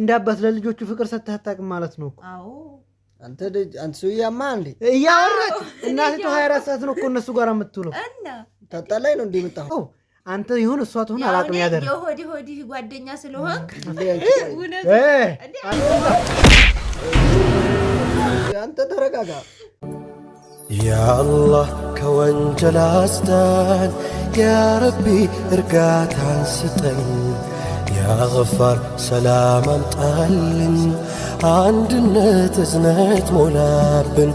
እንደ አባት ለልጆቹ ፍቅር ሰጥተህ አታውቅም ማለት ነው እኮ። አንተ አንተ ሰውዬማ እንዴ እያወራች እናቴ 24 ሰዓት ነው እኮ እነሱ ጋር የምትውለው። ታጣላይ ነው እንዴ የምጣው አንተ ይሁን እሷ ትሁን አላቅም ያደር የሆዲ ሆዲ ጓደኛ ስለሆንክ አንተ ተረጋጋ። ያአላህ ከወንጀል አስዳን፣ ያረቢ እርጋታን ስጠኝ ከአፋር ሰላም አምጣልን፣ አንድነት እዝነት ሞላብን።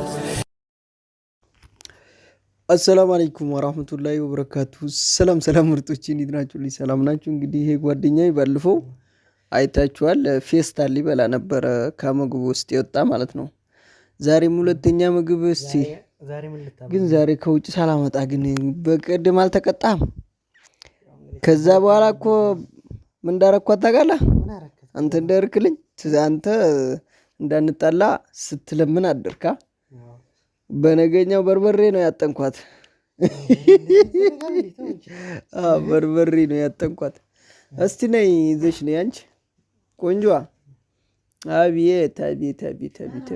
አሰላም አለይኩም ወራህመቱላሂ ወበረካቱ። ሰላም ሰላም ምርጦች እንዴት ናችሁ? ልጅ ሰላም ናችሁ? እንግዲህ ይሄ ጓደኛዬ ባለፈው አይታችኋል፣ ፌስታል ሊበላ ነበረ ከምግቡ ውስጥ የወጣ ማለት ነው። ዛሬም ሁለተኛ ምግብ እስቲ ግን ዛሬ ከውጭ ሳላመጣ ግን በቀደም አልተቀጣም። ከዛ በኋላ እኮ ምን እንዳረኳት ታውቃለህ? አንተ እንዳርክልኝ አንተ እንዳንጣላ ስትለምን አደርካ። በነገኛው በርበሬ ነው ያጠንኳት። በርበሬ ነው ያጠንኳት። እስቲ ነይ ይዘሽ ነይ አንቺ ቆንጆዋ። አቤት አቤት አቤት አቤት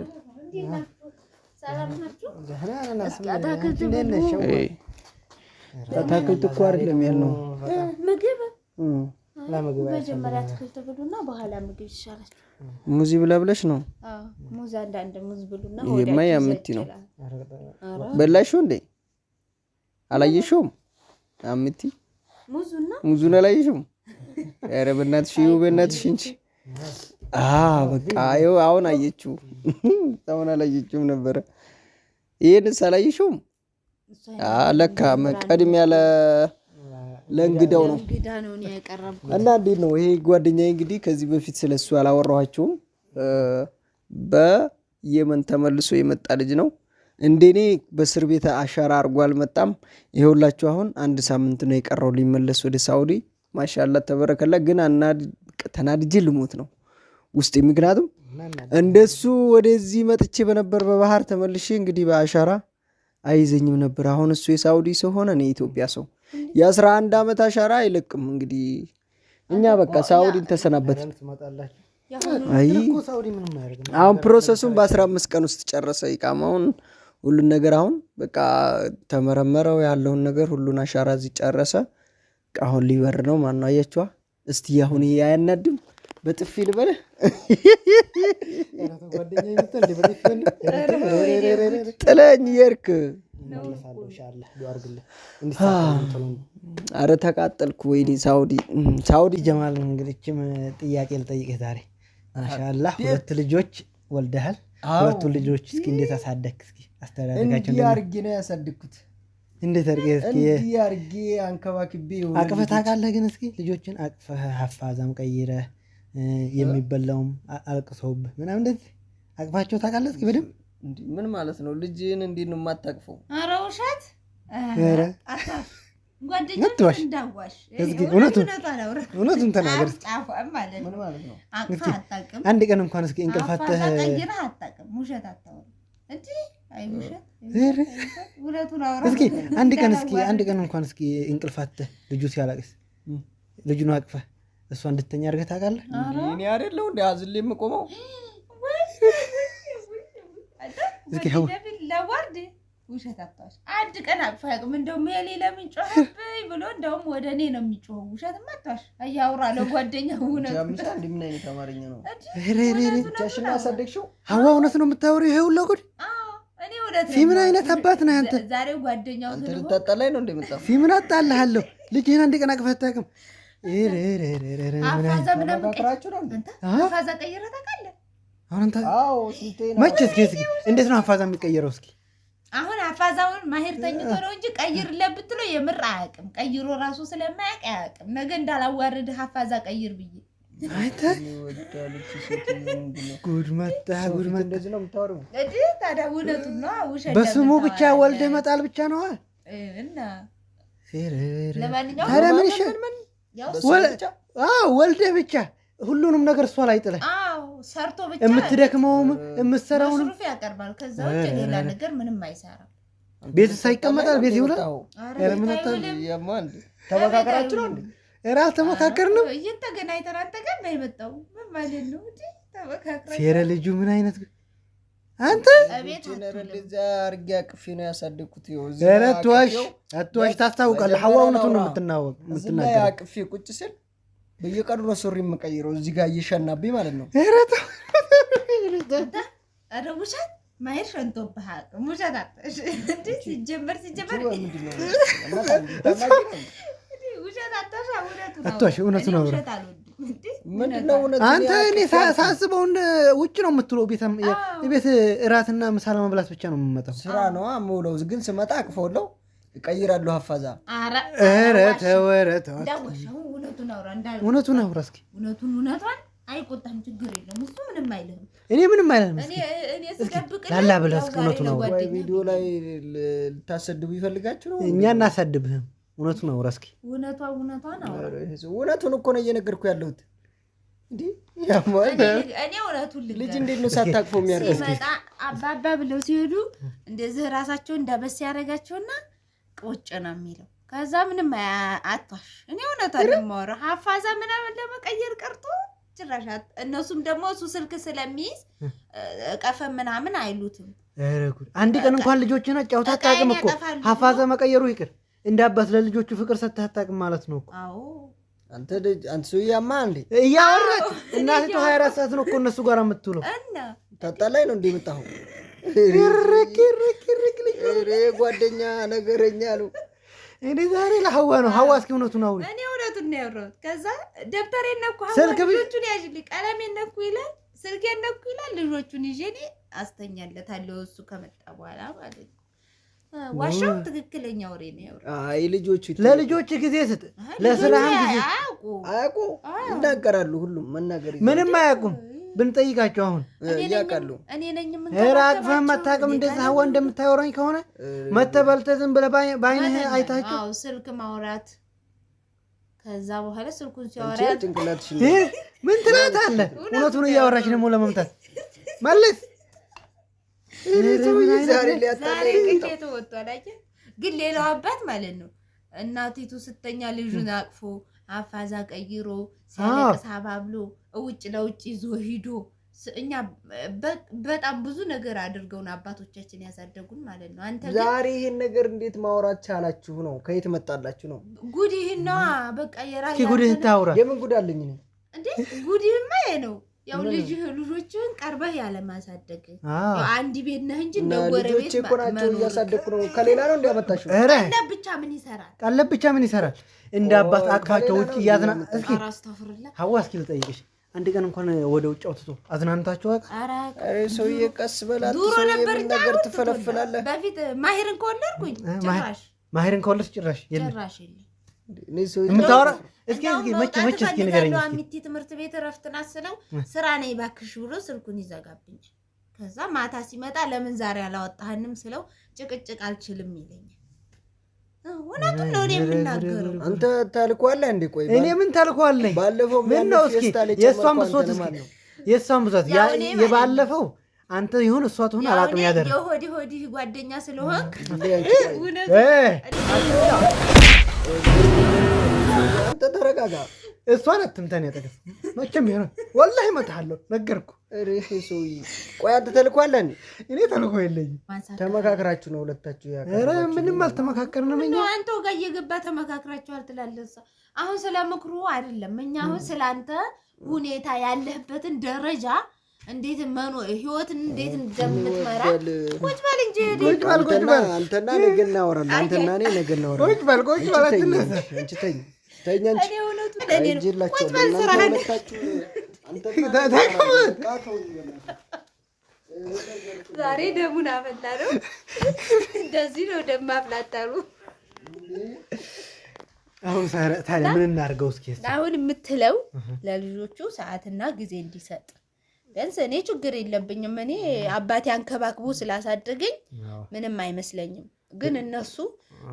አታክልት እኮ አይደለም ያልነው መጀመሪያ አትክልት ብሉና በኋላ ምግብ ይሻላል። ሙዚ ብላ ብለሽ ነው? ሙዝ አንዳንድ ሙዝ ብሉና። ይሄማ ያምቲ ነው። በላሽው እንዴ? አላየሽውም? አምቲ ሙዙና ሙዙን አላየሽውም? ኧረ በእናትሽ ይኸው በእናትሽ እንጂ በቃ ይኸው አሁን አየችው። አሁን አላየችውም ነበረ። ይሄንስ አላየሽውም? ለካ መቀድም ያለ ለእንግዳው ነው እና እንዴት ነው ይሄ ጓደኛዬ እንግዲህ ከዚህ በፊት ስለሱ አላወራኋቸውም። በየመን ተመልሶ የመጣ ልጅ ነው። እንደኔ በእስር ቤት አሻራ አርጎ አልመጣም። ይሄውላችሁ አሁን አንድ ሳምንት ነው የቀረው ሊመለስ ወደ ሳውዲ። ማሻላ ተበረከላ። ግን ተናድጄ ልሞት ነው ውስጤ። ምክንያቱም እንደሱ ወደዚህ መጥቼ በነበር በባህር ተመልሼ እንግዲህ በአሻራ አይዘኝም ነበር። አሁን እሱ የሳውዲ ሰው ሆነ እኔ የኢትዮጵያ ሰው የአስራ አንድ ዓመት አሻራ አይለቅም። እንግዲህ እኛ በቃ ሳውዲን ተሰናበት። አሁን ፕሮሰሱን በአስራ አምስት ቀን ውስጥ ጨረሰ ይቃማውን ሁሉን ነገር አሁን በቃ ተመረመረው ያለውን ነገር ሁሉን አሻራ እዚህ ጨረሰ። አሁን ሊበር ነው። ማን ነው አያችዋ? እስቲ አሁን ይሄ አያናድም? በጥፊ ልበለ ጥለኝ የርክ አረ ተቃጠልኩ። ወይኔ ሳውዲ ሳውዲ ጀማል እንግዲችም ጥያቄ ልጠይቅ ዛሬ። ማሻላ ሁለት ልጆች ወልደሃል። ሁለቱ ልጆች እስኪ እንዴት አሳደግ? እስኪ አስተዳደጋቸው እንዲህ አድርጌ ነው ያሳደግኩት። እንዴት አድርጌ እስኪ አድርጌ አንከባክቤ አቅፈህ ታውቃለህ? ግን እስኪ ልጆችን አቅፈህ ሀፋዛም ቀይረህ የሚበላውም አልቅሰውብህ ምናምን እንደዚህ አቅፋቸው ታውቃለህ? እስኪ በደምብ ምን ማለት ነው? ልጅን እንዴት ነው የማታቅፈው? ኧረ ውሸት እውነቱን ተናገር። አንድ ቀን እንኳን እስኪ እንቅልፋትህ እስኪ አንድ ቀን እስኪ አንድ ቀን እንኳን እስኪ እንቅልፋትህ ልጁ ሲያላቅስ ልጁን አቅፈህ እሷ እንድተኛ አድርገህ ታውቃለህ? እኔ አይደለሁ እንደ አዝሌ የምቆመው ለወርድ ውሸት አታዋሽ። አንድ ቀን አቅፋ ያውቅም። እንደውም ለምን ጮኸብኝ ብሎ እንደውም ወደ እኔ ነው የሚጮኸው። ውሸት አታዋሽ። እያወራ ለጓደኛ ምን አይነት አማርኛ ነው? ሀዋ እውነት ነው የምታወሪው? ይሄ ጉድ ፊምን አይነት አባት ነህ አንተ። ልታጣላኝ ነው እንደመጣ ፊምን አጣልሃለሁ። ልጅህን አንድ ቀን አታውቅም። ምናምን ቀይረህ ታውቃለህ? መቼ እስኪ እንዴት ነው አፋዛ የሚቀየረው? እስኪ አሁን አፋዛውን ማሄድ ተኝቶ ነው እንጂ ቀይር ለብትሎ የምር አያውቅም። ቀይሮ ራሱ ስለማያውቅ አያውቅም። ነገ እንዳላዋርድህ አፋዛ ቀይር ብዬ አንተ ጉድ መጣ ጉድ መጣ። በስሙ ብቻ ወልደ መጣል ብቻ ነው ለማንኛውም ታዲያ ብቻ ሁሉንም ነገር እሷ ላይ ጥለህ ሰርቶ ብቻ የምትደክመውም የምትሰራውን ሩፍ ያቀርባል። ከዛ ውጭ ሌላ ነገር ምንም አይሰራም። ቤት ሳይቀመጣል ቤት ይውላል። ተመካከራችሁ ነው እንዴ? ኧረ አልተመካከርንም። እየተገናኝተን አንተ ጋር ነው የመጣው። ምን ማለት ነው? ሴረ ልጁ ምን አይነት አንተ አድርጌ አቅፌ ነው ያሳደግኩት። ኧረ አትዋሽ፣ አትዋሽ። ታስታውቃለህ። ሀዋ እውነቱን ነው የምትናገር። አቅፌ ቁጭ ስል በየቀኑ ነው ሱሪ የምቀይረው እዚህ ጋር እየሸናብኝ ማለት ነው። ውሸት ማየር አንተ እኔ ሳስበው ውጭ ነው የምትውለው። ቤት እራትና ምሳ ለመብላት ብቻ ነው የምመጣው። ስራ ነዋ የምውለው፣ ግን ስመጣ አቅፈውለው እቀይራለሁ። አፋዛ ኧረ ተው ኧረ ተው፣ እውነቱን አውራ እስኪ እውነቱን እውነቷን። አይቆጣም፣ ችግር የለም እሱ ምንም እኔ ምንም ላላ ብለህ እስኪ እውነቱን አውራ። ቪዲዮ ላይ ልታሰድቡ ይፈልጋችሁ ነው። እኛ እናሳድብህም። እውነቱን አውራ እስኪ። እውነቱን እኮ ነው እየነገርኩ ያለሁት። ልጅ እንዴት ነው ሳታቅፎ የሚያደርገው? ሲመጣ አባባ ብለው ሲሄዱ እንደዚህ ራሳቸው እንዳበስ ያደረጋቸውና ቁጭ ነው የሚለው። ከዛ ምንም አቷሽ እኔ እውነት ደማወረ ሀፋዛ ምናምን ለመቀየር ቀርቶ ጭራሻት እነሱም ደግሞ እሱ ስልክ ስለሚይዝ ቀፈ ምናምን አይሉትም። አንድ ቀን እንኳን ልጆችን አጫውታ አታውቅም እኮ ሀፋዛ መቀየሩ ይቅር እንደ አባት ለልጆቹ ፍቅር ሰጥተህ አታውቅም ማለት ነው እኮ አንተ አንተ ሰውዬማ እንዴ እያወራች እናቴ ሀያ አራት ሰዓት ነው እኮ እነሱ ጋር የምትውለው ታጣላይ ነው እንደ የምጣሁ ጓደኛ ነገረኛ ነው። እኔ ዛሬ ለሀዋ ነው። ሀዋ እስኪ እውነቱን አውሪ። እኔ እውነቱን ነው ያወራሁት። ከዛ ነኩ፣ ልጆቹን ያዥልኝ፣ ይላል፣ ስልኬ ነኩ ይላል። ልጆቹን ይዤ እኔ አስተኛለታለሁ እሱ ከመጣ በኋላ ማለት ነው። ዋሻው ትክክለኛ ወሬ ነው ልጆቹ ለልጆች ጊዜ ስጥ፣ ለስራህም ጊዜ አያውቁ። ይናገራሉ፣ ሁሉም መናገር ምንም አያውቁም። ብንጠይቃቸው አሁን ያውቃሉ። ራቅፈህም አታውቅም። እንደዚህ ሀዋ እንደምታወራኝ ከሆነ መተበልተ በልተህ ዝም ብለህ በአይንህ አይታቸው ስልክ ማውራት ከዛ በኋላ ስልኩን ሲያወራ ምን ትላት አለ። እውነቱን እያወራች ደግሞ ለመምታት ማለት ግን ሌላው አባት ማለት ነው እናቲቱ ስተኛ ልጁን አቅፎ አፋዛ ቀይሮ ሲያለቅስ አባብሎ ውጭ ለውጭ ይዞ ሂዶ እኛ በጣም ብዙ ነገር አድርገውን አባቶቻችን ያሳደጉን ማለት ነው። አንተ ዛሬ ይህን ነገር እንዴት ማውራት ቻላችሁ ነው? ከየት መጣላችሁ ነው? ጉድ ይህና በቃ የራ ጉድህ ታውራ የምን ጉድ አለኝ እንዴ? ጉድህማ ነው ያው ልጅ ልጆችህን ቀርበህ ያለማሳደግ አንድ ቤት ነህ እንጂ እንደ እኮ ናቸው። እያሳደግኩ ነው። ከሌላ ነው እንዲያመጣሽው ቀለብ ብቻ ምን ይሰራል? ቀለብ ብቻ ምን ይሰራል? እንደ አባት አቅፋቸው ውጭ እያዝና እስኪ ሀዋ እስኪ ልጠይቅሽ አንድ ቀን እንኳን ወደ ውጭ አውጥቶ አዝናንታችሁ ሰውዬ ቀስ በላት ነገር ትፈለፍላለህ። በፊት ማሄርን ከወለድኩኝ ጭራሽ ማሄርን ከወለድኩ ጭራሽ የለም የምታወራ እስኪ መቼ መቼ እስኪ ንገረኝ። ትምህርት ቤት እረፍት ስለው ስራ እባክሽ ብሎ ስልኩን ይዘጋብኝ። ከዛ ማታ ሲመጣ ለምን ዛሬ አላወጣህንም ስለው ጭቅጭቅ አልችልም ይለኛል። እውነቱን ነው የምናገረው። አንተ ታልኳለህ እንዴ? ቆይ እኔ ምን ታልኳለኝ? ባለፈው ምን ነው እስኪ የእሷን ብሶት የእሷን ብሶት የባለፈው አንተ ይሁን እሷ ትሁን የሆዲ ሆዲ ጓደኛ ስለሆንክ እውነት ተረጋጋ። እሷን አትምተን ያጠገብ መቼም ቢሆን ወላሂ እመታሃለሁ። ነገርኩ። ሰውዬ ቆይ አንተ ተልኮ አለህ? እኔ ተልኮ የለኝም። ተመካክራችሁ ነው ሁለታችሁ? ያ ምንም አልተመካከርንም። እኛ አንተ ጋር እየገባ ተመካክራችኋል ትላለህ። እሷ አሁን ስለ ምክሩ አይደለም። እኛ አሁን ስለ አንተ ሁኔታ ያለህበትን ደረጃ እንዴት መኖ ህይወትን እንዴት እንደምትመራ ቁጭ በል እንጂ ቁጭ በል ቁጭ በል አንተና ነገ እናወራለን። አንተና እኔ ነገ እናወራለን። ቁጭ በል ቁጭ በል አንቺ ተኝ ዛሬ ደሙን አፈላ ነው። እንደዚህ ነው ደም አሁን ታዲያ ምን እናድርገው እስኪ አሁን የምትለው ለልጆቹ ሰዓትና ጊዜ እንዲሰጥ ቢያንስ እኔ ችግር የለብኝም። እኔ አባቴ አንከባክቦ ስላሳደገኝ ምንም አይመስለኝም። ግን እነሱ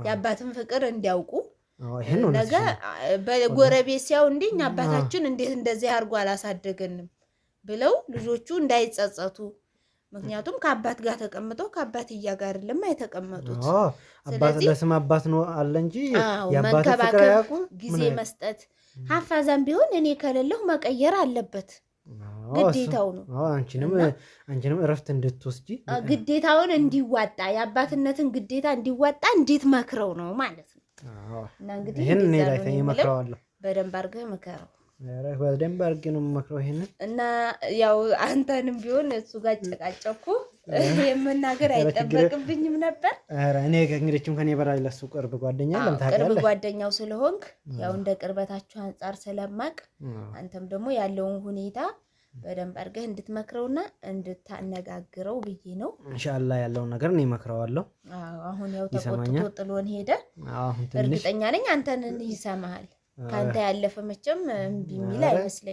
የአባትን ፍቅር እንዲያውቁ ነገ በጎረቤት ሲያው እንዲኝ አባታችን እንዴት እንደዚህ አድርጎ አላሳደገንም ብለው ልጆቹ እንዳይጸጸቱ ምክንያቱም ከአባት ጋር ተቀምጠው ከአባትያ ጋር ልማ አይተቀመጡት። ለስም አባት ነው አለ እንጂ መንከባከብ፣ ጊዜ መስጠት ሀፋዛም ቢሆን እኔ ከሌለሁ መቀየር አለበት። ግዴታው ነው። አንቺንም እረፍት እንድትወስጂ ግዴታውን እንዲዋጣ የአባትነትን ግዴታ እንዲዋጣ እንዴት መክረው ነው ማለት ነው። እና እንግዲህ ይህን እኔ በደንብ አድርገህ ምከረው። በደንብ አድርጌ ነው የምመክረው ይሄንን እና ያው አንተንም ቢሆን እሱ ጋር ጨቃጨኩ የምናገር አይጠበቅብኝም ነበር። እኔ እንግዲችም ከኔ በላይ ለሱ ቅርብ ጓደኛ ቅርብ ጓደኛው ስለሆንክ ያው እንደ ቅርበታችሁ አንጻር ስለማቅ አንተም ደግሞ ያለውን ሁኔታ በደንብ አድርገህ እንድትመክረውና እንድታነጋግረው ብዬ ነው። እንሻላ ያለውን ነገር እኔ እመክረዋለሁ። አሁን ያው ተቆጥቶ ጥሎን ሄደ። እርግጠኛ ነኝ አንተን ይሰማሃል። ከአንተ ያለፈ መቼም እምቢ የሚል አይመስለኝም።